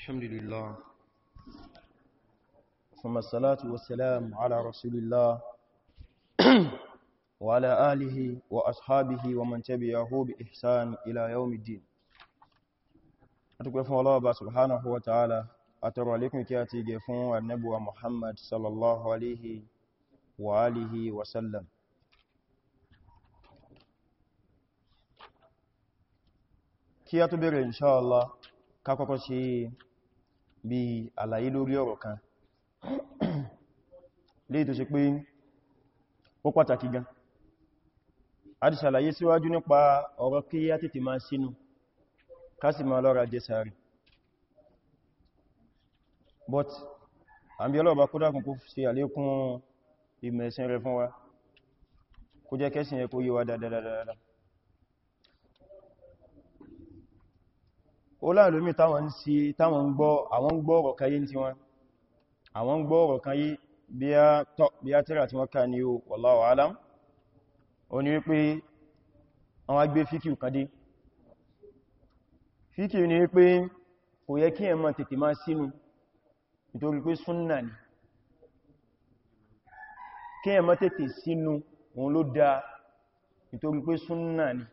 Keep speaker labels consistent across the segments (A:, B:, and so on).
A: الحمد لله ثم الصلاة والسلام على رسول الله وعلى آله وأصحابه ومن تبعه بإحسان إلى يوم الدين أتكلم فن الله سبحانه وتعالى أترى لكم كياتي جفون النبوة محمد صلى الله عليه وآله وسلم kí a tó bèèrè inṣáàlá kakọ́kọ́ sí bí àlàyé lórí ọ̀rọ̀ kan léè tó ṣe pé ó pàtàkì gan a ti ṣàlàyé síwájú nípa ọ̀rọ̀ kí á tètè máa sínú kásì máa lọ́ra jẹsàárì but àbí ọlọ́ọ̀bá kó dákùn kó ṣe àlékún ìmẹ̀ẹ̀sìn rẹ̀ fún wa kó jẹ́ kẹ́sìn ẹ kó yíwa dáadáa ó láàlómí táwọn sí táwọn gbọ́ àwọn gbọ́ọ̀rọ̀ kayé tí wọ́n àwọn gbọ́ọ̀rọ̀ kayé bí a tíra tí wọ́n ká ní o wallahu alam ó ní wípé àwọn agbé fíkìú kadé fíkìú ni wípé kò yẹ kí ẹmọ tètè máa sínú nítorí pé súnnà ni kí ẹmọ tètè sínú òun ló dáa nítorí pé súnnà ni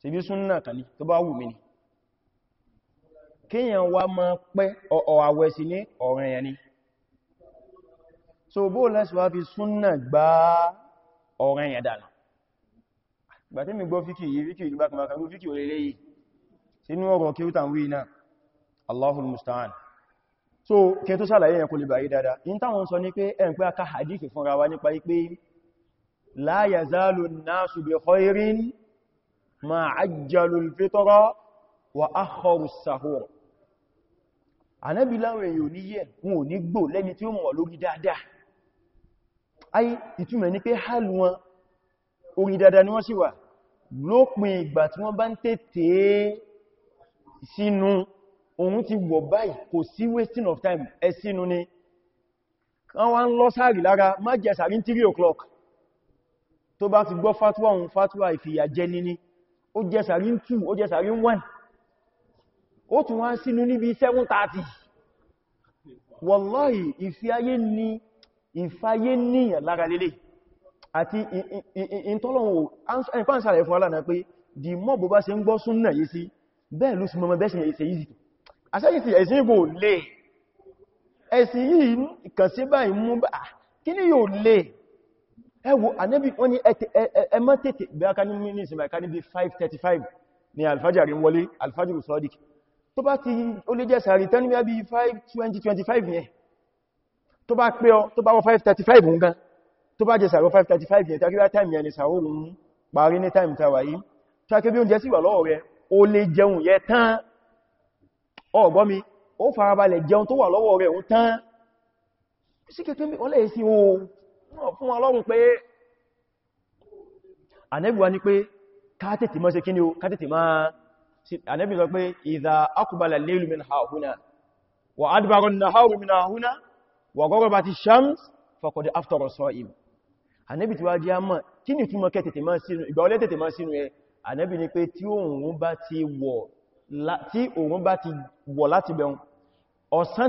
A: ṣe bí súnnà kàní tó bá wù mí ni kíyàn wá ma pẹ́ ọ̀àwẹ̀ sí ní ọ̀rẹ́ yẹn ni so bó lẹ́sù wá fi súnnà gbá ọ̀rẹ́ yẹn dànà gbà tí mi gbọ́ fíkì yìí fíkì yìí bákanbákan rú fíkì olè léyìí sínú ọ̀rọ̀ kíútà wí náà Allahul musta'an so kí tó sàlàyé yẹn kò lè bàyí dada in táwọn sọ ní pé ẹn pé aka hadith fúnra wa nípa pé la yazalu an-nasu bi khairin ma ajjalul fitra wa akharu sahur Ànábì láwọn èèyàn ní yẹ wọn ò ní gbò lẹ́ni tí ó mọ̀ lórí dáadáa ayé ìtumẹ̀ ní pé hálù wọn orí dáadáa ni wọ́n sì wà lópin ìgbà tí wọ́n bá ń tètè ohun tí wọ̀ báyìí kò sí wasting of time ẹ sínú ni wọ́n wá ń lọ sáàrì lára má jẹ sàrí 3 o'clock tó bá ti gbọ́ fatuwa ohun fatuwa ìfìyàjẹni ni, ni ó jẹ sàrí ń 2 ó jẹ sàrí ń 1 ó tún wá sínú níbi 730 wallahi ìfíayé ní ìfáyé níyàn lára lélẹ̀ àti ìntọ́lọ̀wò ẹ̀fáǹsàrẹ̀ fún aláàrẹ pé di mọ́ bó bá ṣe ń gbọ́ súnnà yìí sí bẹ́ẹ̀ ló sì mọ́ bẹ́ṣìn ẹ̀ṣẹ̀ yìí àṣẹ́yìí ẹ̀sìn ìbò lè ẹ̀sìn yìí kàn ẹwọ anẹ́bí wọ́n ni ẹmọ́ tètè bí aka ní mínísì ma ká ní bí 5:35 ni alfajari wọlé alfajari sọ́dík tó bá ti ó lè jẹ́ sàárì tán ní bí 5:20-25 yẹn tó bá pé ọ tó bá wọ 5:35 ń gan tó bá jẹ́ sàárì 5:35 yẹn takíwá time yẹn ni sàárùn ún parí time tàwà yìí tó akébí oúnjẹ sì wà lọ́wọ́ rẹ ó lè jẹun yẹ tán ọgbọ́ mi ó farabalẹ̀ jẹun tó wà lọ́wọ́ rẹ òun tán sí kẹ́kẹ́ mi ọlẹ́ sí wọ́n fún ọlọ́run pé anẹ́bùwa ní pé kátẹ̀tì mọ́ sí kíni o kátẹ̀tì máa anẹ́bì sọ pé ìdá akùbalà lèlú min haúnà wà na haúrù min haúnà wà gọ́rọ̀ bá ti shams faqad aftara sa'im anẹ́bì ti wá jẹ́ àmà kí ni túnmọ̀ kẹ́tẹ̀tì máa sínú ìgbà olẹ́ tẹ̀tẹ̀ máa sínú ẹ anẹ́bì bá ti wọ̀ láti bẹ̀rún ọ̀sán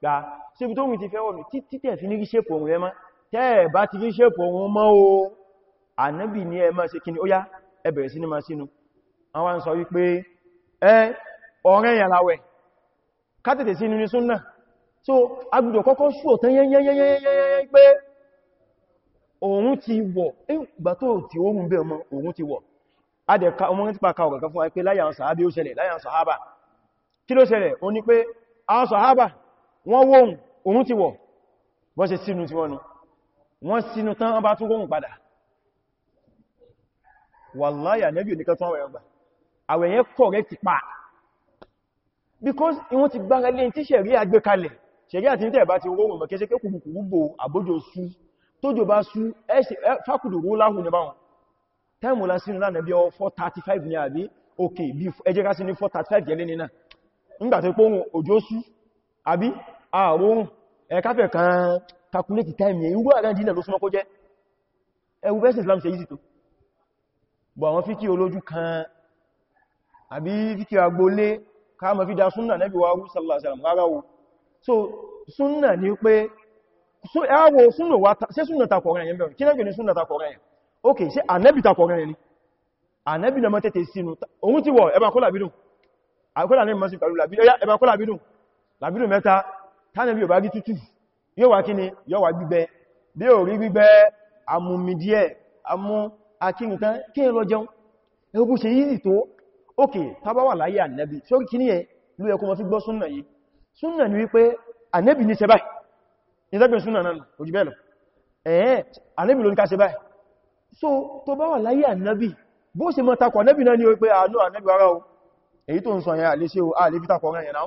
A: gbá síbi tó ń ti fẹ́wọ̀ mi títẹ̀ fi ní rí ṣépù ohun ẹmọ́ tẹ́ẹ̀ bá ti rí ṣépù ohun mọ́ o ànábì ní ẹmọ́ sí kí ni ó yá ẹ bẹ̀rẹ̀ sí ní máa sínú àwọn sọ wípé ẹ ọ̀rẹ́ ìyàláwẹ̀ kátẹ̀tẹ̀ sínú ní súnnà so agbùdọ̀ kọ́kọ́ sú ọ̀tán yẹ́yẹ́yẹ́yẹ́ pé òun ti wọ̀ ìgbà tó ti oòrùn bẹ́ ọmọ òun ti wọ̀ adẹ̀ka ọmọ ní pàkà ọ̀gọ̀gọ́ fún wa pé láyàn sàábí ó ṣẹlẹ̀ láyàn sàábà kí ló ṣẹlẹ̀ ó ní pé àwọn sàábà wọ́n wóhùn òun ti wọ̀ wọ́n ṣe sínú tí wọ́n nù wọ́n sínú tán wọ́n bá tún wóhùn padà wàláyà nẹ́bí oníkan tún àwẹ̀yàn gbà àwẹ̀yàn correct pa because wọ́n ti gbára lé tí ṣẹ̀rí àgbé kalẹ̀ ṣẹ̀rí àti ní tẹ̀bá ti wóhùn mọ̀ kẹsẹ́ kúrùkùrù bò àbójò sú tójò bá sú fákùdùrú láhùn ní báwọn táìmù lásínú lánàá bí ọ 435 ní àbí ok ẹjẹ́ kásí ní 435 jẹ́lé nínà nígbàtí pé òjò sú àbí àrùn ẹ̀káfẹ̀ kan calculate time yẹn irú àrẹ́ dínà ló súnmọ́ kó jẹ́ ẹwú bẹ́sẹ̀ Islam ṣe yìí tó bọ̀ àwọn fíkí olójú kan àbí fíkí agbólé káàmà fi da súnnà nẹ́bí wa rú sallá ànẹ́bì na mọ́ tẹ́tẹ̀ sínú ohun tí wọ̀ ẹbà kọ́lá bídùn àkọ́lá ní mọ́sí pẹ̀lú ẹbà kọ́lá bídùn làbídò mẹ́ta tánàbí ò bá rí tútù yóò wá kíni yóò wá gbígbẹ bí ò rí gbígbẹ amúmidíẹ̀ amú akínitán kí ẹ lọ jẹun ẹgbùn ṣe yìí tó ókè tábáwà láyé ànẹ́bì tí ó kí ní ẹ ló ẹkùn mọ́ fi gbọ́ súnnà yìí súnnà ni wípé ànẹ́bì ní ṣe báyìí ìdẹ́gbẹ̀ súnnà náà kò jù bẹ́ẹ̀ lọ ẹ̀ẹ́ so tó bá wà láyé ànẹ́bì bó ṣe mọ́ takọ̀ ni wípé àánú ànẹ́bì ara o èyí tó ń sọ yẹn àlésí ọ̀rẹ́ yẹn náà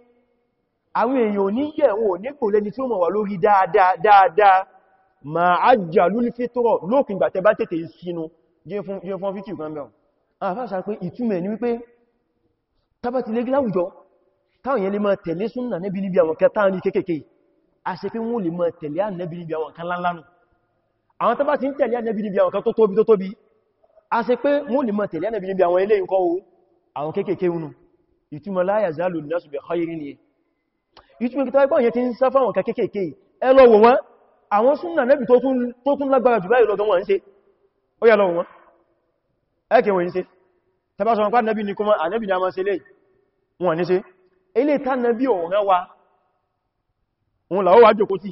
A: àwọn èèyàn ní yẹ̀ wọn ò ní kò lẹ́ni tí ó mọ̀ wà lórí dáadáa dáadáa ma ajá lúlífẹ́ tọ́rọ̀ lókùn ìgbà tẹbá tètè sínú jẹ́ fún fíkì kan mẹ́rùn àfáàṣà pé ìtumẹ̀ ní wípé tàbátí lé láwùjọ táwọn yẹn lè máa tẹ̀lé súnnà níbi níbi àwọn kan táwọn ní kékèké a ṣe pé wọ́n lè máa tẹ̀lé ànẹ́bí níbi àwọn kan lánlánù àwọn tàbá ti ń tẹ̀lé ànẹ́bí níbi àwọn kan tó tóbi tó tóbi a ṣe pé wọ́n lè máa ìtumọ̀ ìkìtà ẹgbọ́n yẹn ti ń sá fáwọn kà kéèkéèké ẹ lọ wò wọ́n àwọn súnnà nẹ́bì tó tún lágbára jù báyìí lọ́gbọ́n wọ́n ń ṣe ó yà lọ wò wọ́n ẹ́kẹ̀ wọ́n ń ṣe tàbá sọ pàdé nẹ́bì ní kúmọ́ ànẹ́bì ní a máa ṣe lè wọ́n ní ṣe ilé tá nẹ́bì ọ̀rẹ́ wa òun làwọ́ wá jòkó tí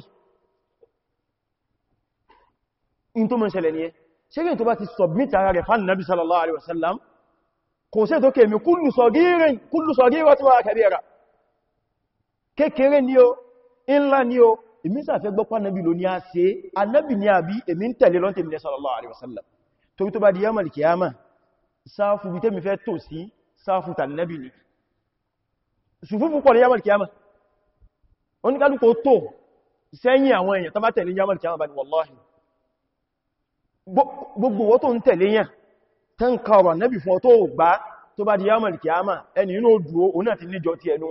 A: in tó mọ́ ṣẹlẹ̀ ní ẹ ṣẹ́gbẹ̀ tó bá ti submit ara rẹ̀ fán nẹ́bì sallallahu kékeré ni o ńlá ni o èmi sàfẹ́ gbọ́pá nàbí ló ní a ṣe anábì ní àbí èmi ń tẹ̀lé lọ́ntẹ̀ ilẹ̀ sallallahu alaihi wasallam torí tó bá di yamal kiyama sáàfù bí tẹ́mi fẹ́ tò sí sáàfù tànàbì ni ṣùfúfú pọ̀ ní yamal kiyama oníkálùkò tó sẹ́yìn àwọn èèyàn tó bá tẹ̀lé yamal kiyama bá ní wallahi gbogbo wọ́n tó ń tẹ̀lé yàn tán kọrọ̀ nàbì fún ọ tó gbá tó bá di yamal kiyama ẹni inú ó dúró níjọ ti ẹnu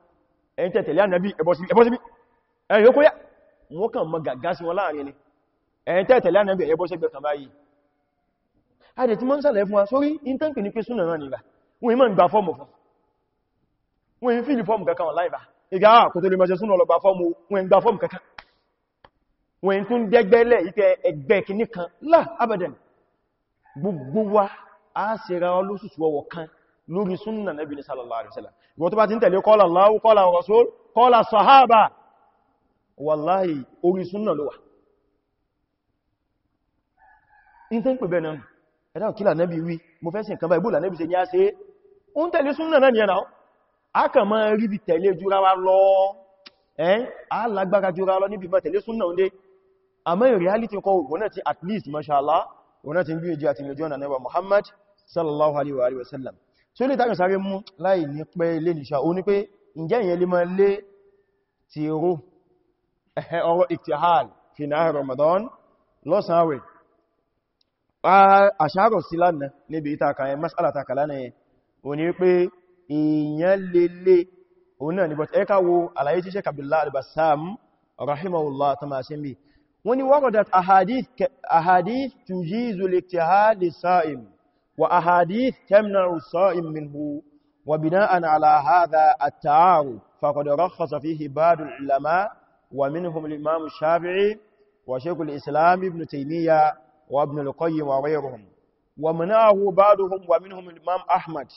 A: ẹ̀yìn tẹ̀tẹ̀lé ànàbí ẹbọ́síbí ẹ̀yìn ó kó yá wọ́n kàn mọ gàgá sí wọn láàrin ni ẹ̀yìn tẹ̀tẹ̀lé ànàbí ẹbọ́sígbẹ̀ kan báyìí adẹ̀ tí mọ́ ń sàlẹ̀ fún wa sórí intanpi ní pé súnà náà nígbà wọ́n ìmọ̀ ìgbà fọ́ọ̀mù fún wọ́n ìfì ní fọ́ọ̀mù kankan láìbà ìgbà ah, kò tó lè mọ́ ṣe súnà lọ gba fọ́ọ̀mù wọ́n ìgbà fọ́ọ̀mù kankan wọ́n tún dẹ́gbẹ́lẹ̀ ìtẹ́ ẹgbẹ́ kìíní kan a ṣe ra ọlọ́sùsù ọwọ̀ lórí súnnà Nabi ní sallallahu alaihi wasallam ìwọ tó bá ti ń tẹ̀lé qala Allahu qala Rasul qala sahaba wallahi orí súnnà ló wà in tẹ́ ń pè bẹ́ẹ̀ náà ẹ̀dá kílà Nabi wí mo fẹ́ sí nǹkan bá ìbúlà Nabi ṣe ní á ṣe ó ń tẹ̀lé súnnà náà nìyẹn náà a kà máa rí bí tẹ̀lé jura wa lọ ẹ́n a lágbára jura lọ níbi tẹ̀lé súnnà so ilé ìtàkùn sáré mú láì ní pẹ́ ilé nìṣà o ní pé ǹjẹ́ ìyẹn lè máa lé ti ró ẹ̀hẹ́ ọ̀rọ̀ iktihal fi náà Ramadan lọ́sànwẹ̀ àṣàrọ̀ sí lánà níbi ìtàkà ẹ masala takà lánà ẹ o ní pé ìyẹn lè lé òun náà ni but ẹ ká wo àlàyé tí Sheikh Abdullah al-Bassam rahimahullah وأحاديث تمنع الصائم منه وبناء على هذا التعارض فقد رخص فيه بعض العلماء ومنهم الإمام الشافعي وشيخ الإسلام ابن تيمية وابن القيم وغيرهم ومنعه بعضهم ومنهم الإمام أحمد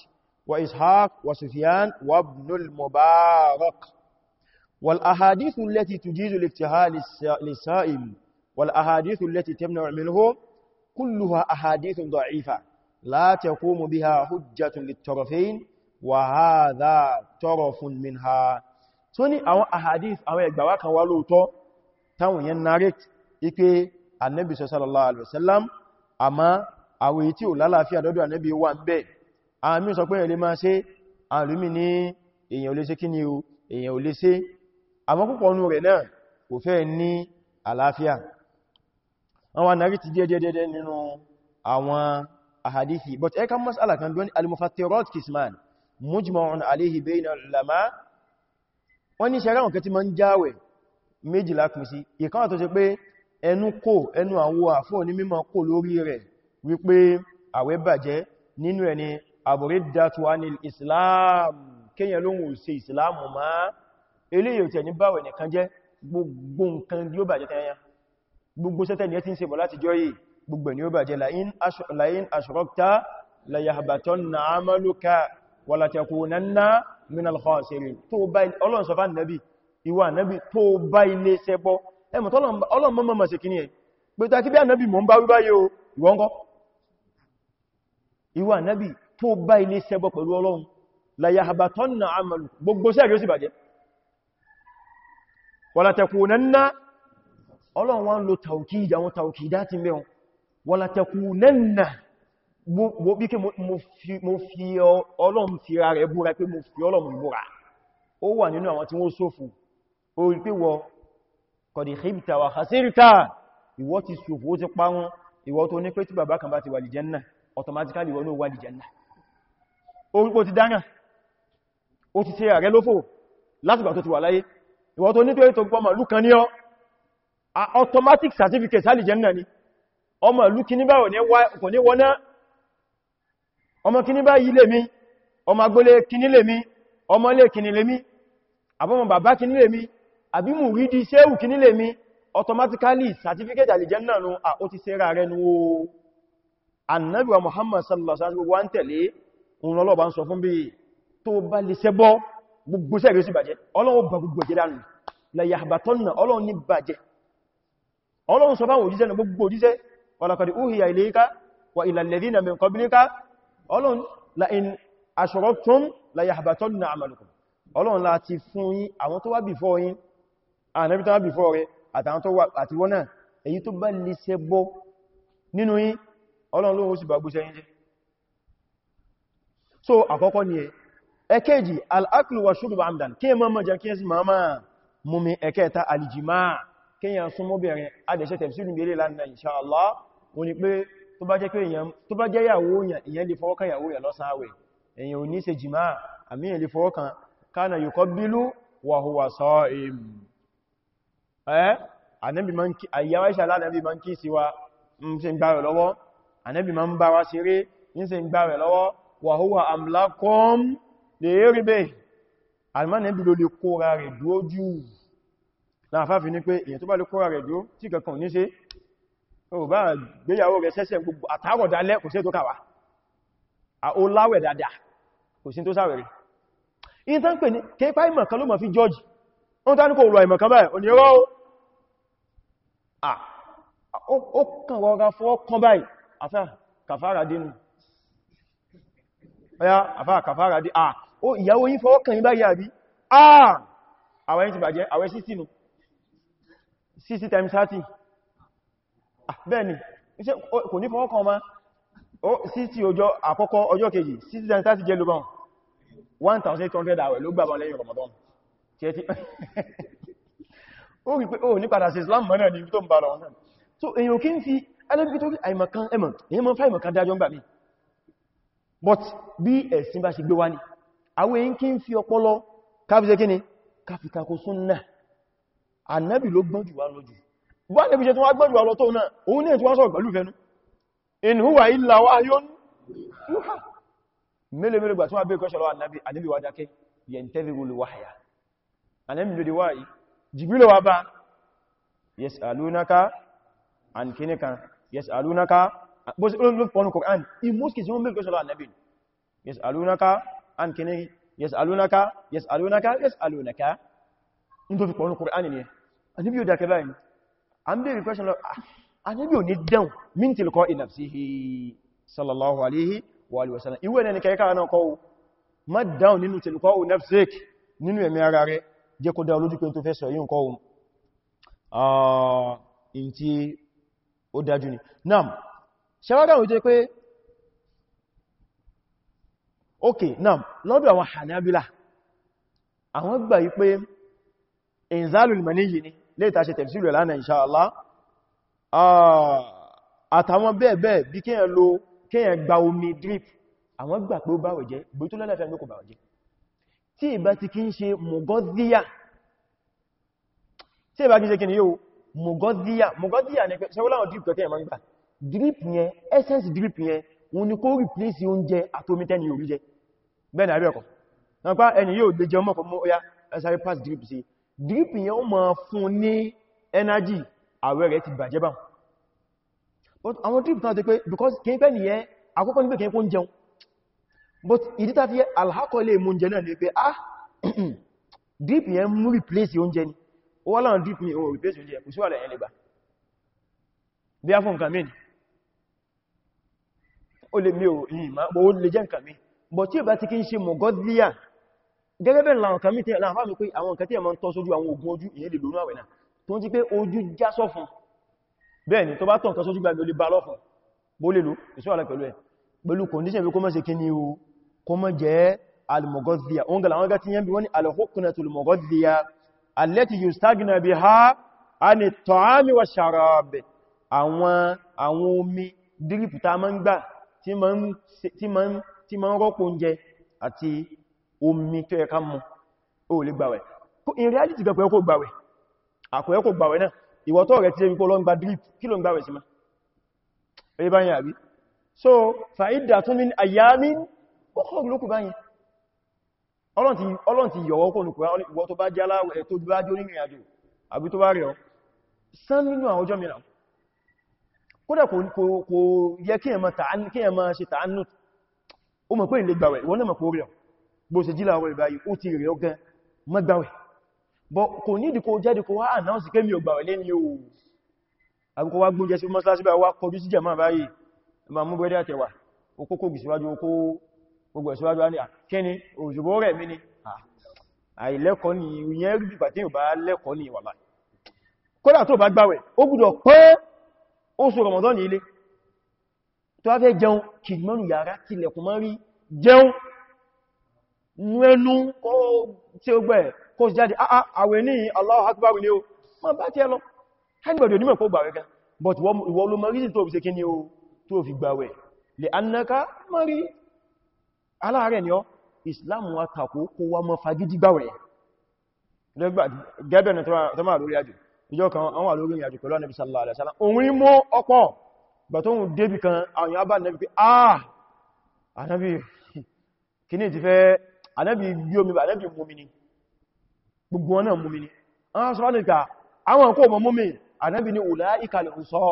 A: وإسحاق وسفيان وابن المبارك والأحاديث التي تجيز الافتهاء للسائم والأحاديث التي تمنع منه كلها أحاديث ضعيفة لا تقوم بها حجة للطرفين وهذا طرف منها tó ní àwọn ahadith àwọn ẹgbàwà kan wá lóòtọ́ táwọn yẹn narrate ipé annabi sallallahu alaihi wasallam àmá àwọn èyí tí ò lálàáfíà dọ́dọ̀ annabi wà ń bẹ àmì sọ pé ẹ̀lẹ́ máa ṣe àrùmí ní èyàn ò lè ahadithi but ẹ mas'ala kan don al-mufattirat kisman mujma'un alayhi bayna al-ulama wọ́n ní shara wọ́n kan tí man jawe méjì la kun si e kan tó ṣe pé awo afo ni mimo kò lórí rẹ̀ wí pé àwẹ̀ bàjẹ́ nínú ẹ̀ ni aburiddatu islam kenya ló wọ́n ṣe islam ma eleyo te ni bawe ni kan jẹ́ gbogbo nǹkan ló bàjẹ́ teyan gbogbo se te e tin ṣe bọ̀ láti joyi gbogbo ni ó bàjẹ́ la'in ashrakta la yahbatanna 'amaluka wa latakunanna minal khasirin tó bá Ọlọ́run sọ fún Ànábì ìwà Ànábì tó bá ilé ṣẹbọ ẹmù tọ́lọ́n mọ́mọ́ sí kíní ẹ̀ pé tàkí bí Ànábì mọ́ ń bá wíbá yóò ìwọ́n kọ́ ìwà Ànábì tó bá ilé ṣẹbọ pẹ̀lú Ọlọ́run la yahbatanna 'amalu gbogbo sẹ́ẹ̀ yóò sì bàjẹ́ wa latakunanna Ọlọ́run wọn lo tàùkì ìjà tàùkì ìdá ti mẹ́wọn wọ́la tẹkù lẹ́nà mo bí kí mo fi ọlọ́run fi ra rẹ̀ búra pé mo fi ọlọ́run búra ó wà nínú àwọn tí wọ́n sófò ó rí pé wọ kọ̀dì hibta wà hasirita ìwọ ti sófò ó ti parun ìwọ tó ní pé tí bàbá kan bá ti wà lì jẹ́nà automatically ìwọ náà wà ni ọmọ ìlú kìníbà kò ní wọná ọmọ kìníbà yìí lè mi ọmọ agbólé kìní lè mi ọmọ ilé kìní lè mi àbọ́mọ̀ bàbá kìní lè mi àbí mú rí di ṣéhù kìní lè mi automatically certificate àlìjẹ́nà nù à ó ti sẹ́ra rẹ̀ nù Ànábì Muhammad sallallahu alaihi wasallam wọ́n tẹ̀lé òun lọ́lọ́bà ń sọ fún bí tó bá lè ṣẹbọ gbogbo sẹ́rẹ̀ sí bàjẹ́ Ọlọ́run bá gbogbo ẹ̀jẹ́ dànù la yahbatanna Ọlọ́run ní bàjẹ́ Ọlọ́run sọ báwọn òjíṣẹ́ gbogbo òjíṣẹ́ ولقد أوهي إليك وإلى الذين من قبلك ọlọ́run لئن أشركتم ليحبطن عملكم ọlọ́run láti fún yín àwọn tó wá before yín ànẹ́bí tó wá before rẹ̀ àtàwọn tó wá àti wọ́n náà èyí so àkọ́kọ́ ni ẹ ẹ̀kẹ́jì al-aklu wa shurbu amdan kí ẹ mọ́mọ́ jẹ́ kí ẹ sì máa mú mi ẹ̀kẹ́ta súnmọ́bìnrin adẹ̀ṣẹ́ tẹ̀sílù gbélé lánàá inṣáàlá wọ́n ni pé tó bá jẹ́ pé èyàn tó bá jẹ́ yàwó èyàn èyàn lè fọwọ́ kan yàwó èyàn lọ́sàn èyàn ò ní ṣe jìmá àmì èyàn lè fọwọ́ kan kana yuqabbilu wa huwa sa'im ẹ́ ànábì máa ń kí àyàwó ìṣà lánàbì máa ń kí sí wa ń ṣe ń gbáwẹ̀ lọ́wọ́ ànábì máa ń bá wa ṣeré ń ṣe ń gbáwẹ̀ lọ́wọ́ wa huwa ní pé èyàn tó bá lè kóra rẹ̀ dúó tí kankan ní ṣe o bá gbéyàwó rẹ̀ sẹ́sẹ̀ gbogbo àtàrọ̀ dalẹ́ kò sí tó kàwà ó láwẹ̀ dáadáa kò sí tó sáwẹ̀ rẹ̀ in tán pè ní kéèpá ìmọ̀kan ló mọ̀ fi george wọ́n tán ní kò rọ ìmọ̀kan báyìí ò ní rọ́ ó kàn rọra fọ́ kan báyìí àfá kàfàrà dínú àfá kàfàrà dínú à ó ìyàwó yín fọwọ́ kàn yín báyìí àbí àà àwẹ̀ yín ti bàjẹ́ àwẹ̀ 60 nù 60 times 30 Ah, bẹ́ẹ̀ni kò ní fọwọ́ kan ọmọ sí ti ọjọ́ àkọ́kọ́ ọjọ́ kejì 630 jẹ́ lóbọn 1800 àwẹ̀ ló gbàbọn lẹ́yìn Ramadan tí ẹ ti ó rí pé ó ní padà sí Islam mọ́nà ní tó ń bá lọ́wọ́ náà so èyàn kí ń fi alẹ́bíkítórí àìmọ̀kan ẹmọ̀ èyàn mọ́ fáìmọ̀kan dájọ́ ń gbà mí but bí ẹ̀sìn bá ṣe gbé wá ní àwọn èyàn kí ń fi ọpọlọ káfíṣẹ́ kí ni káfíkakó súnnà ànábì ló gbọ́n jù bá níbi jẹ tó wá gbọ́jù àwọn tó náà òun ní ètò wọ́n sọ̀rọ̀ pẹ̀lú fẹ́nu in huwa illa wahyun yuha mélòó mélòó gbà tó wá bí kọ́ṣọ́ lọ́wọ́ annabi annabi wá dákẹ́ yantaziru liwahya annabi lórí wáyí jibril wá bá yas'alunaka an kinika yas'alunaka bó sí olóòlù pọ̀nù Qur'an in most cases wọ́n bí kọ́ṣọ́ lọ́wọ́ annabi yas'alunaka an kinika yas'alunaka yas'alunaka yas'alunaka in tó ni annabi yóò dákẹ́ báyìí a ń bèèrè question lọ anẹ́bí ah, ò ní dẹ̀un min tilkọ́ ìnàfsíhì sallallahu alaihi wa alihi wasallam iwe ẹni kẹ́kẹ́ náà kọ́ ma dáun nínú tilkọ́ ìnàfsík nínú ẹ̀mí ara rẹ̀ jẹ́ kó dá olójú pé tó fẹ́ sọ yíò kọ́ ah, in tí ó dájú ni nam ṣẹ́wádà wọ́n jẹ́ pé ok nam lọ́dọ̀ àwọn hanabila àwọn gbà yí pé inzalul maniyi ni léta ṣe tẹ̀fṣílù lánàá insha Allah ah, àtàwọn bẹ́ẹ̀bẹ́ẹ̀ bí kíyàn lo kíyàn gba omi drip àwọn gbà pé ó báwẹ̀ jẹ́ gbé tó lẹ́lẹ́fẹ́ ló kò báwẹ̀ jẹ́ tí ìbá ti kí ń ṣe mọ̀gọ́díyà tí ìbá kí ń ṣe kí ni yóò mọ̀gọ́díyà mọ̀gọ́díyà ni pé essence drip ni kó replace oúnjẹ àtomi ni àríọ̀kọ̀ nípa ẹni yóò lè jẹ ọmọkọ̀ mọ́ ọya ẹsàrí pass drip sí drip yẹn ó máa fún ní energy àwẹ̀ rẹ̀ ti bàjẹ́ bá but àwọn drip tán ti pé because kìí pẹ́ nìyẹn àkọ́kọ́ ní pé kìí kún jẹun but ìdítà fi alhakọ́ lè mú oúnjẹ náà ní pé ah drip yẹn mú replace oúnjẹ ni ó wá láwọn drip yẹn ó replace oúnjẹ kò sí wà lẹ́yìn lẹ́gbà bí á fún nǹkan mìí ó lè mí ò yìí ma ó lè jẹ́ nǹkan but tí ò bá ti kí ń ṣe mọ̀gọ́díyà gẹ́gẹ́ bẹ́ẹ̀ láwọn kan mítẹ̀ láwọn fásitì pé àwọn nǹkan tí ẹmọ ń tọ́ sójú àwọn ogun ojú ìyẹ́ lè lónú àwẹ̀ náà tó ń jí pé ojú já sọ́fún bẹ́ẹ̀ ni tó bá tọ́ nǹkan sójú gbàgbé olè bá lọ́fún bó lè lò ani at-ta'ami wash-sharab àwọn àwọn omi dírípù ta máa ń gbà tí ń rọ́pò oúnjẹ àti omi tó yẹ ká mú o lè gbàwẹ̀ in reality gan pẹ̀lú kò gbàwẹ̀ àkọ̀yẹ́ kò gbàwẹ̀ náà ìwọ̀tọ̀ rẹ̀ ti rí pọ́ lọ ń drip kí ló ń gbàwẹ̀ sí ma ẹ báyìí àbí so fàídà tún ní àyàmí kọ́kọ́ lókù báyìí ọlọ́n ti yọ̀wọ́ kò nùkù ìwọ tó bá jálá ẹ̀ tó bá jó nírìn àjò àbí tó bá rẹ̀ ọ́ sán nínú àwọn ọjọ́ kódà kò yẹ kí ẹ ṣe tàánù ó mọ̀ pé ìlé gbàwẹ̀ náà mọ̀ pé ó bó ṣe jílà àwọn ìbáyìí ó ti rẹ̀ ọgán mọ́gbàwẹ̀ bọ́ kò ní ìdíkò jáde kò wá ànáwọ̀sí kémi ògbàwẹ̀ lé ní oòrùn àbúkọ wá gbóúnjẹ sí mọ́sálásí bá wá kọjú sí jàmá báyìí ma mú bẹ́ẹ̀dẹ́ àtẹ̀wà okókó gìsíwájú okó gbogbo ẹ̀síwájú á ní àkíní òṣùgbó rẹ̀ mí ni àìlẹ́kọ́ ni ìyẹn rí bí pàtí ò bá lẹ́kọ́ ní ìwàlá kódà tó bá gbàwẹ̀ ó gbọ́dọ̀ pé oṣù Ramadan ilé tó wá fẹ́ jẹun kìdìmọ́nù yàrá tilẹ̀kùn mọ́ rí jẹun ẹnu tí ó gbẹ̀ kó jáde ah, ah, àwẹ̀ ní Allahu Akbar ní o ma bá tí ẹ lọ ẹgbẹ̀dẹ̀ onímọ̀ kó gbàwẹ̀ gan but ìwọ ló mọ̀ rízì tó fi ṣe kí ni o tó fi gbàwẹ̀ lè annaka mari aláàrẹ̀ ni ọ Islam wa takò kó wá mọ́ fagidi gbàwẹ̀ gẹ́bẹ̀ ni tó wà lórí ànábì bí omi ànábì múmini gbogbo wọn náà múmini àwọn sọ́rọ̀ nìka àwọn kò mọ̀ múmi ànábì ní ulaika al-usat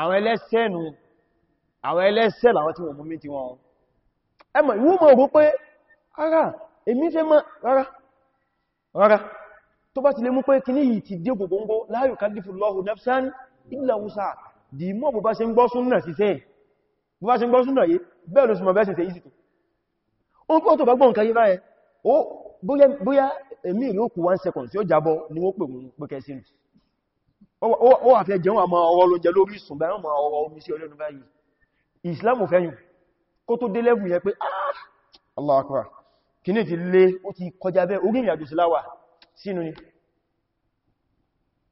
A: àwọn ẹlẹ́ṣẹ̀ nù àwọn ẹlẹ́ṣẹ̀ làwọn tí wọ́n múmi ti wọn ẹmọ̀ ìwú mọ̀ òkú pé ara èmi fẹ́ mọ́ rárá rárá tó bá ti lè mú pé kí ní yìí ti dé gbogbo la yukallifullahu nafsan illa wusaha dì mọ́ bó bá ṣe ń gbọ́ súnnà sí sẹ́ẹ̀ bó bá ṣe ń gbọ́ súnnà yìí bẹ́ẹ̀ ló sì mọ̀ bẹ́ẹ̀ sì sẹ́yìí ó pọ́ tó bá gbọ́n kan yí báyẹ ó bóyá èmì ìlú kù 1 second tí ó jábọ́ ni wọ́n pè wọ́n pẹ́kẹ́ sí ní ó wà fẹ́ jẹun àmà ọwọ́ ló jẹ lórí sùn báyán ma ọwọ́ omi sí ọlẹ́nu Islam ò fẹ́yùn kó tó dé lẹ́bù yẹn pé ah, Allahu Akbar kìíní ti lé ó ti kọjá bẹ́ orí ìrìnàjò sí láwà sínú ni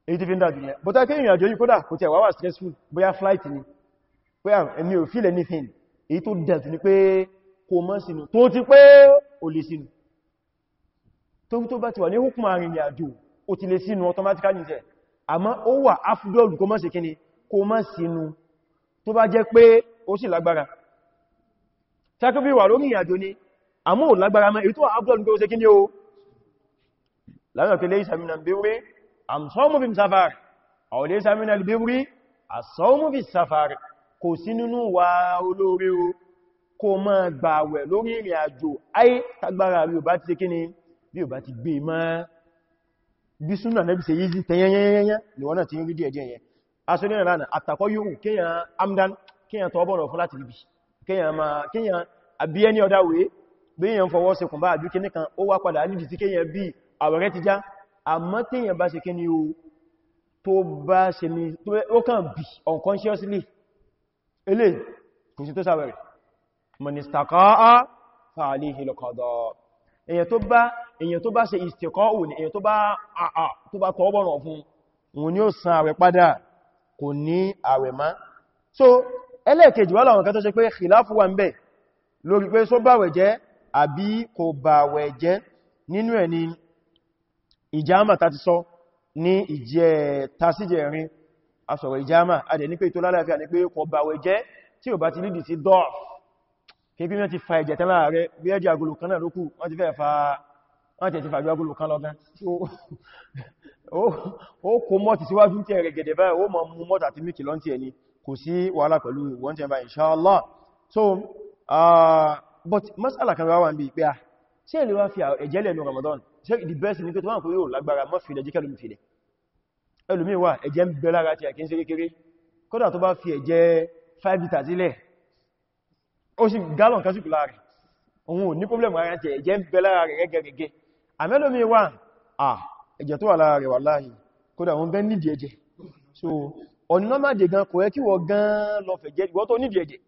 A: èyí ti fi ń dájú yẹn bọ́tá kí ìrìnàjò yìí kódà kò tẹ̀ wá flight ni bóyá èmi ò feel anything èyí tó kò mọ́ sínú tó ti pé ò lè sínú tó tó bá ti wà ní hukun arìnrìn àjò ò ti lè sínú automatically jẹ́ àmọ́ ó wà afdọ́lù kò mọ́ sí kíni kò mọ́ sínú tó bá jẹ́ pé ó sì lágbára takbí wà lórí ìrìnàjò ni àmọ́ ò lágbára mọ́ èyí tó afdọ́lù pé ó sì kíni o láàrín ọ̀pẹ́ lẹ́yìn bí sáfàrí kó máa gbààwẹ̀ lórí ìrìn àjò ayé tagbára bí o bá ti kíni bí o bá ti gbé ma bí súnà nẹ́bí se yízi tẹ́yẹnyẹnyẹnyẹ ni wọ́n náà ti ń rí díẹ̀díẹ̀ yẹn aṣọ ní ìrànà àtàkọ́ amdan kíyàn tọ́ bọ̀rọ̀ fún láti bíbí kíyàn àbí ẹni ọ̀dá wé bí se fọwọ́ sí kùnbá àbí kíní kan ó wá padà nídìí tí kíyàn bí àwẹ̀rẹ́ ti já àmọ́ tíyàn bá ṣe unconsciously eléyìí kò sí mọ̀nìstàkọ́ọ́ fàálìhì lọ́kọ̀dọ̀ èyàn tó bá ṣe ìstẹ̀kọ́ọ̀ ní èyàn tó bá tọ́ọ̀bọ̀nà fún wọn ni ó san àwẹ̀ padà kò ní àwẹ̀ má so ẹlẹ́ẹ̀kejì wà láwọn kan tó ṣe pé khilafu wà ń bẹ lórí pé só bàwẹ̀ jẹ́ àbí kò bàwẹ̀ jẹ́ nínú ẹ̀ ni ìjámà tàti sọ ní ìjẹ́ tasíjẹ̀rin asọ̀rọ̀ ìjámà adẹ̀ ní pé ìtólálàáfíà ní pé kò bàwẹ̀ jẹ́ tí ò bá ti lídì sí dọ́ọ̀fù kébí wọ́n ti fa ẹ̀jẹ̀ tán láàrẹ bí ẹ̀jẹ̀ agolo kan náà ló wọ́n ti fẹ́ fa wọ́n ti fa agolo kan lọ́gán ó kó mọ́tì síwájú tí ẹ̀rẹ̀ gẹ̀dẹ̀ báyìí ó máa mú mọ́tì àti míkì lọ́ntí ẹni kò sí wàhálà pẹ̀lú wọ́n ti ẹ̀bá so but masala kan wá bí pé ṣe lè wá fi ẹ̀jẹ̀ Ramadan the best ni pé tó wọ́n kò yóò lágbára mọ́ fi lẹ́jíkẹ́ lómi fìlẹ̀ ẹlòmí wà ẹ̀jẹ̀ ń bẹ lára ti àkíńsẹ́ kékeré kódà tó bá fi 5 litres ó sì gallon kan sí rẹ̀ òun ò ní problem ara jẹ ẹ̀jẹ̀ ń bẹ lára rẹ̀ rẹ́gẹ̀rẹ̀gẹ̀ àmẹ́lómi wà ah ẹ̀jẹ̀ tó wà lára rẹ̀ wà láàrin kódà wọ́n bẹ́ nídìí ẹ̀jẹ̀ so ọ̀nà má dé gan kò ẹ́ kí wọ́n gan lọ fẹ̀jẹ̀ ìwọ́n tó nídìí ẹ̀jẹ̀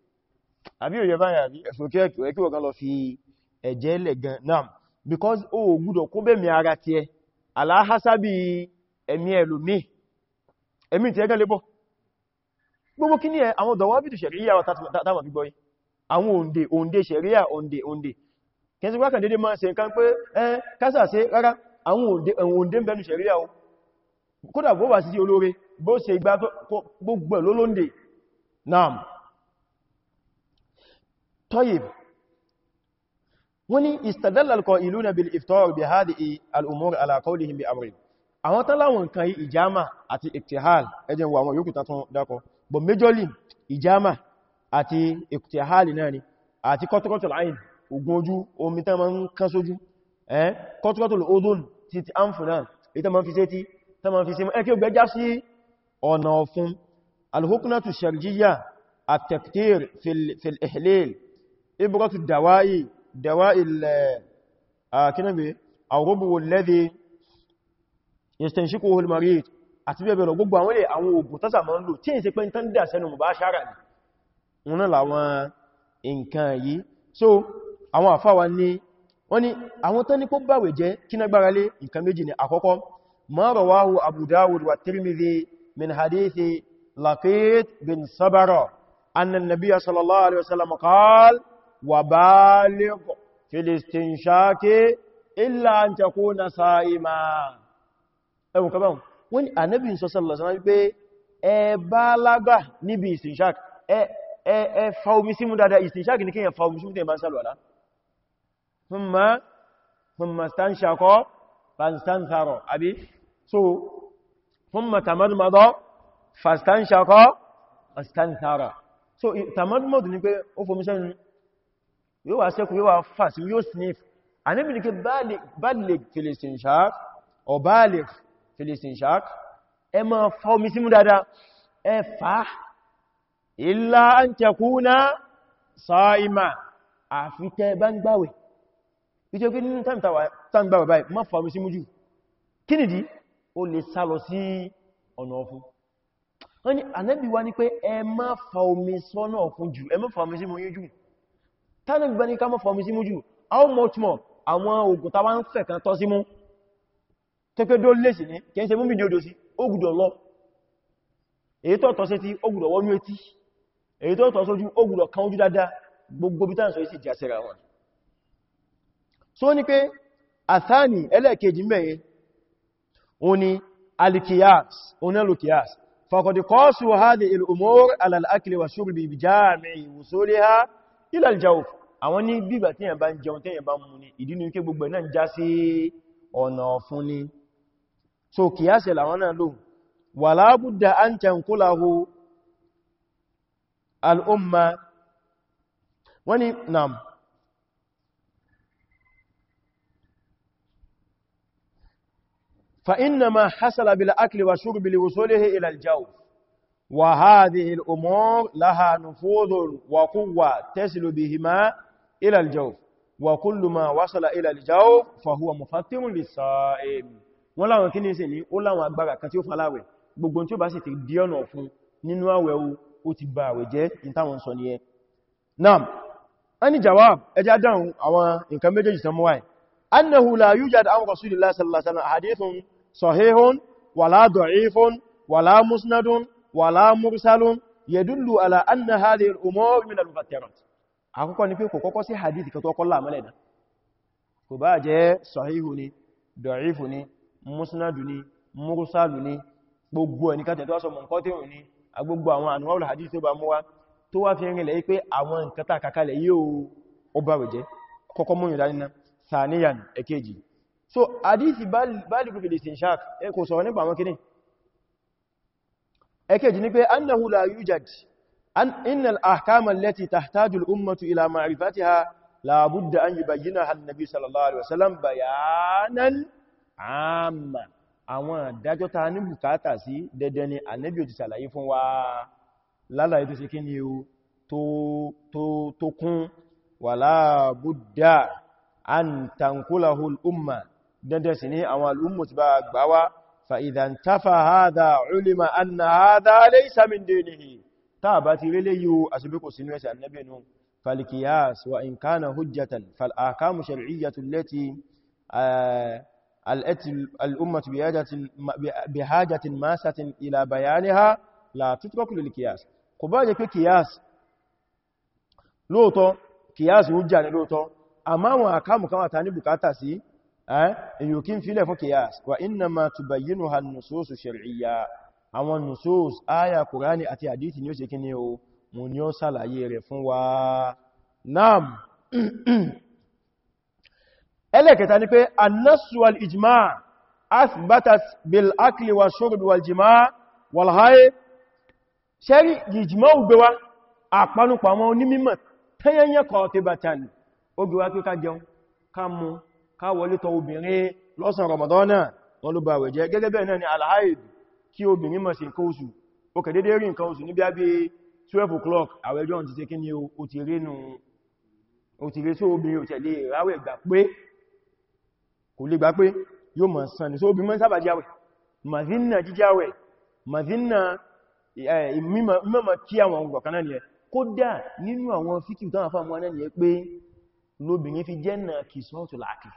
A: because ó gbúdọ̀ kó bẹ̀mí ara tiẹ̀ aláhásábí ẹ̀mí ẹlòmí ẹ̀mí tí ẹgẹ́ lébọ̀ gbogbo kí ní àwọn dọ̀wọ́bìdì ṣẹ̀ríyà wà tábà fi gbọ́yìí àwọn òǹdè òǹdè ṣẹ̀ríà òǹdè òǹdè kẹsí wákàn dédé máa ṣe nǹkan pé ẹn kásà sí rárá àwọn òǹdè ń bẹnu ṣẹ̀ríà o kódà bó wà sí olóore bó ṣe igbá gbogbo lólóǹdè naam tọ́yìb wọ́n ní ìstàdálàlkọ̀ ìlú na bil iftar bi hadi al'umur ala qawlihim bi amrin àwọn tánláwọn nǹkan ìjámà àti ìtìhàl ẹjẹ̀ wọ àwọn yókùtà tún dákọ̀ but majorly ìjámà àti ìkùtìhálì náà ni àti kọ́tùkọ́tùl àìn ogun ojú omi tán ma ń kán sójú ẹ́n kọ́tùkọ́tùl odun ti ti áǹfù náà ìtàn ma ń fi sé tí tán ma ń fi sé ẹ́ kí ó gbẹ́já sí ọ̀nà ọ̀fún alhukunatu sharjiyya at fil ihlil ibratu dawa'i dawa'i kinabe awrubu alladhi yastanshiquhu al-marid àti bẹ́ẹ̀ bẹ́ẹ̀ lọ gbogbo àwọn ilé àwọn ògùn tásà ma ń lò tí ìsẹ́pẹ́ wọn náà làwọn nǹkan yìí so àwọn àfáwa ní wọ́n ní àwọn tán ní kó bàwẹ̀ jẹ́ kí ná gbára lé nǹkan méjì ní àkọ́kọ́ ma rawahu Abu Dawud wa Tirmidhi min hadithi Laqit bin Sabara anna an-nabiyya sallallahu alaihi wasallam qala wa baligh fil istinshaki illa an takuna sa'ima ẹ ẹ fa omi símú dada ìsìnṣáàkì ní kí yẹn fa omi símú tẹ́ bá ń sálọ̀ alá thumma thumma stanṣakọ́ àbí so thumma tamadmadọ́ fastanṣakọ́ fastanṣarọ̀ so tamadmadu ni pé ó fomi sẹ́nu yóò wá sẹ́kù yóò wá fàṣí yóò sniff anẹ́bìnrin kí balik filistinṣak ọ balik filistinṣak ẹ ma fa omi símú dada ìlà an tẹkúnà sáàìmà àfitẹ́ bá ń gbáwẹ̀ ìjẹ́ pé nínú tàbí báyìí má fàmí sí mújú kí nìdí o lè sá lọ sí ọ̀nà ọ̀fún wọ́n ni ànábì wá ní pé ẹ má fa omi sọ́nà ọ̀fún jù ẹ má fa sí mú jù tánàbí how much more àwọn oògùn tàwà ń fẹ̀ kan tọ́ sí mú tó pé dó lè sí ní kẹ́ ń ṣe mú bí dòdò sí ó gùdọ̀ lọ èyí etí èyí tó tọ́ sójú ogunlọ̀ kan ojú dáadáa gbogbo bí tánṣọ́ isi jásẹ́ra wọn so ní pé àtàní ẹlẹ́ẹ̀kejì mẹ́yẹ òun ni alikiyas onílùkiyas faqad qasu hadhihi al-umur wa shurbi bi jami'i wusuliha ila al-jawf àwọn ní bígbà tí yẹn bá ń jẹun tẹ́yẹn bá mú ní ìdí ní wípé gbogbo náà já sí ọ̀nà ọ̀fún ni al'umma wọ́n ni nam فإنما حصل بالأكل والشرب لوصوله إلى الجوف وهذه الأمور لها نفوذ وقوة تسل بهما إلى الجوف وكل ما وصل إلى الجوف فهو مفطر للصائم ولا يمكن أن يسيني ولا يمكن أن يسيني gbogbo tí ó bá sì ó ti bá àwẹ̀ jẹ́ ìtàwọn sọ ni ẹ náà ẹni jawab ẹjá dáhùn àwọn nǹkan méjèèjì tán mọ́wàá annahu la yujad an rasulillahi sallallahu alaihi wasallam hadithun sahihun wala da'ifun wala musnadun wala mursalun yadullu ala anna hadhihi al-umur min al-mufattirat àkọ́kọ́ ni pé kò kọ́kọ́ sí hadith kan tó kọ́ agbogbo àwọn ànúwàwòlù hadith tó bá mú wá tó wá fi rìnlẹ̀ pé àwọn nǹkan tà kàkàlẹ̀ yóò ó bá wẹ̀ jẹ́ kọ́kọ́ mú ìdá sàníyàn èkejì so hadithi báàlìkù fi listinshaq ẹ kò sọ̀rọ̀ nípa àwọn kìíní èkejì ni pé annahu la yujad inna al-ahkama allati tahtaju al-ummatu ila ma'rifatiha la budda an yubayyinaha an-nabi sallallahu àwọn àdájọ́ ta ní bùkátà sí dẹ̀dẹ̀ ni ànẹ́bí ò ti sàlàyé fún wa lálàyé tó ṣe kí ni o tó kún wala budda an tankulahu al'umma dẹ̀dẹ̀ sí ní àwọn al'ummu ti bá gbáwá fa idhan tafa hadha ulima anna hadha laysa الأمة بحاجة, بحاجة ماسة إلى بيانها لا تترك للكياس kò bá jẹ́ pé kìyàs lóòtọ́ kìyàs ó jà ní lóòtọ́ àmá wọn àkámù kan àtà ní bukata sí èyàn kí n fílẹ̀ fún kìyàs wà iná ma tùbà yínú ha nùsóòsù ṣẹ̀rìyà àwọn nùsóòsù áyà kùránì àti àdíti ni ó ṣe kí ni o mú ní ó sàlàyé rẹ̀ fún wa naam ẹlẹ́kẹta ni pé annasuwal ijma asbatas bil akli wa shurbi wal jima wal haye ṣẹ́rí ijma ugbewa àpanupàmọ́ ní mímọ̀ tẹ́yẹnyẹ kọ̀ọ̀tẹ́bàtàn ogbewa kí ká jẹun ká mú ká wọlé tọ̀ obìnrin lọ́sàn ramadana olúbàwẹ̀ jẹ́ gẹ́gẹ́ bẹ́ẹ̀ náà ni alhaid kí obìnrin mọ̀ sí nǹkan oṣù ó kẹ̀ dédé rí nǹkan oṣù ní bí 12 o'clock àwẹjọ́ ti ṣe kí ni ó ti rí nù ó ti rí só obìnrin ò tẹ̀lé ìráwẹ̀ gbà pé lè gbà pé yóò mọ̀ sàn ní so mọ́ sábà jáwẹ̀ mazina jíjáwẹ̀ mazina mímọ̀ kí àwọn ọgbọ̀ kan ni ẹ kódà nínú àwọn fíkì tán àfà mọ́ náà ni ẹ pé lóbìnrin fi jẹ́nà kì sọ́ọ̀tù láàkì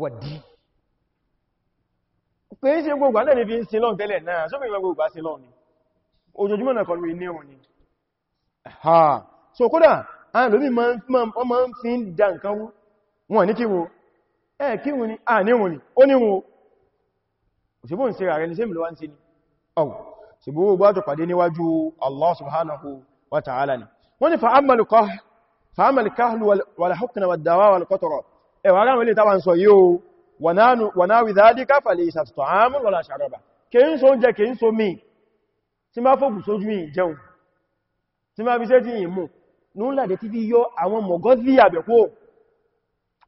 A: wàdí pé ṣe gbogbo náà ni fi ń sin lọ́n tẹ́lẹ̀ náà sóbìn ni ha so kódà àwọn lóbìn máa ń fi ń da ní kí wo ẹ eh, kí wọn ni a ní wọn ni ó ní wọn òṣèbó ń ṣe rẹ̀ ní sí ìlú wá ń ṣe ní ọ̀wọ̀ ṣùgbó gbájọ pàdé níwájú Allah subhanahu wa ta'ala ni wọ́n ni fa'amal kahlu wal hukna wad dawa wal qatra ẹwà ara wọlé tàbà ń sọ yíò wa nawi dhalika falaysa ta'amun wala sharaba kì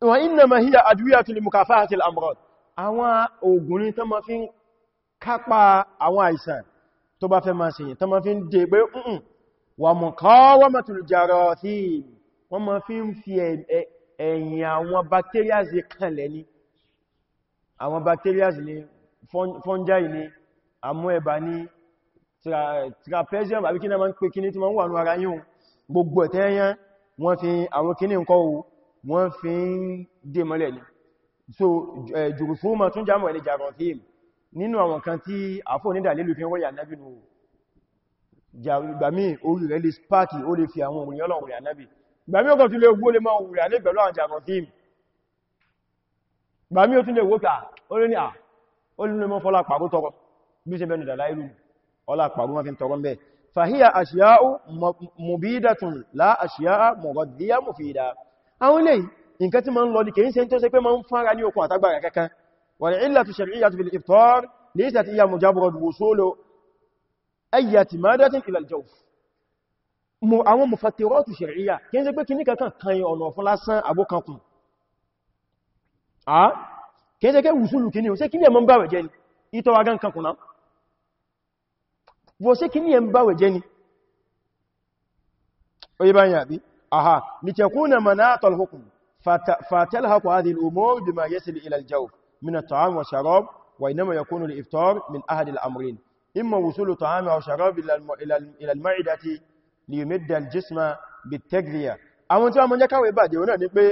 A: wa inna ma hiya adwiyatu li mukafahati al-amrad àwọn oògùn ni tán ma fi ń kápá àwọn àìsàn tó bá fẹ́ máa ṣèyàn tán ma fi ń dè pé ǹǹ wa muqawamatul jarathim wọ́n ma fi ń fi ẹ̀yìn àwọn bacteria sí kanlẹ̀ ní àwọn bacteria ní fungi ní amúẹ̀bà ní trapezium àbí kí ma ń pè kíní tí ma ń wà ní ara yíò gbogbo ẹ̀tẹ́yẹn wọ́n fi àwọn kíní nǹkan ohun wọ́n fi ń dé mọ́lẹ̀ ni so jùrùfúmà tún jámọ̀ ní jarọ̀tíìm nínú àwọn kan tí àfò nídà lílù fi wọ́n yà nábì nù gbàmí orí rẹ̀ lè spáàkì ó lè fi àwọn òrìn ọlọ́run yà nábì gbàmí ọkọ̀ tún lè gbó lè máa òrìn alẹ́ pẹ̀lú àwọn jarọ̀tíìm gbàmí ó tún lè wókà ó lè ní à ó lè mọ́ fọ́lá pàró tọrọ bí ṣe bẹnu dàlá ìlú ọlá àwọn ilé nǹkan tí ma ń lọ ní kèyí se tó ṣe pé ma ń fara ní okun àtagbàrà kankan wal illatu shar'iyyatu bil iftar laysat hiya mujabarad wusulu ayyati madatin ila al-jawf mo àwọn mufattiratu shar'iyya kèyí se pé kí ní kankan kan yẹ ọ̀nà fún lásán abókankun ah, a aha litakuna manatul hukm fatalhaqu hadhihi al-umur bima yasil ila al-jawf min at-ta'am wa sharab wa inma yakunu al-iftar min ahad al-amrayn imma wusulu ta'am aw sharab ila ila al-ma'idati liyumidda al-jisma bit-taghriya àwọn tí wọ́n jẹ́ kawe bade ọ̀nà ni pé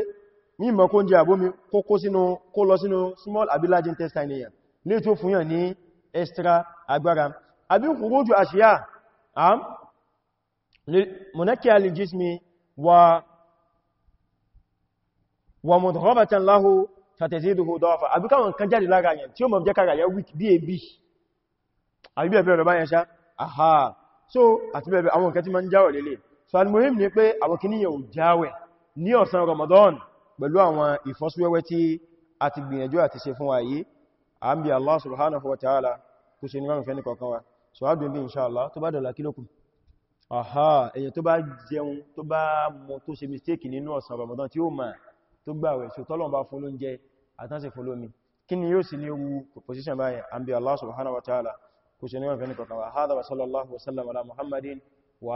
A: mi mo ko nje abomi ko ko sínú ko lọ sínú small àbí large intestine yan ni tó fún yan ní extra agbára àbí khuruju ashiya am munakkiya lil jismi و ومضغبة له فتزيده ضعفا àbí káwọn kan jáde lára yẹn tí ó mọ̀ jẹ́ kára yẹ wík bí ebí àbí bẹ̀bẹ̀ ọ̀rọ̀ báyẹn ṣá àhá so àti bẹ̀bẹ̀ àwọn kan tí ma ń jáwẹ̀ lélẹ̀ so almuhim ni pé àwọn kì níyàn ò jáwẹ̀ ní ọ̀sán Ramadan pẹ̀lú àwọn ìfọ́síwẹ́wẹ́ tí a ti gbìyànjú àti ṣe fún wa yìí a ń bí Allah subhanahu wa ta'ala kò ṣe ní ránfẹ́ ní kọ̀ọ̀kan wa so adùn bí insha Allah tó bá dọ̀lá kílókùn aha èyàn tó bá jẹun tó bá mu tó ṣe mistake nínú ọ̀sán Ramadan tí ó ma tó gbààwẹ̀ so t'Ọlọ́run bá fún lóúnjẹ àtànṣe fún lómi kí ni yóò sì ní ewu proposition báyẹn an bí Allah subhanahu wa ta'ala kò ṣe níwọ̀n fẹ́ ní kọ̀kan wa hada wa sallallahu wa sallam ala muhammadin wa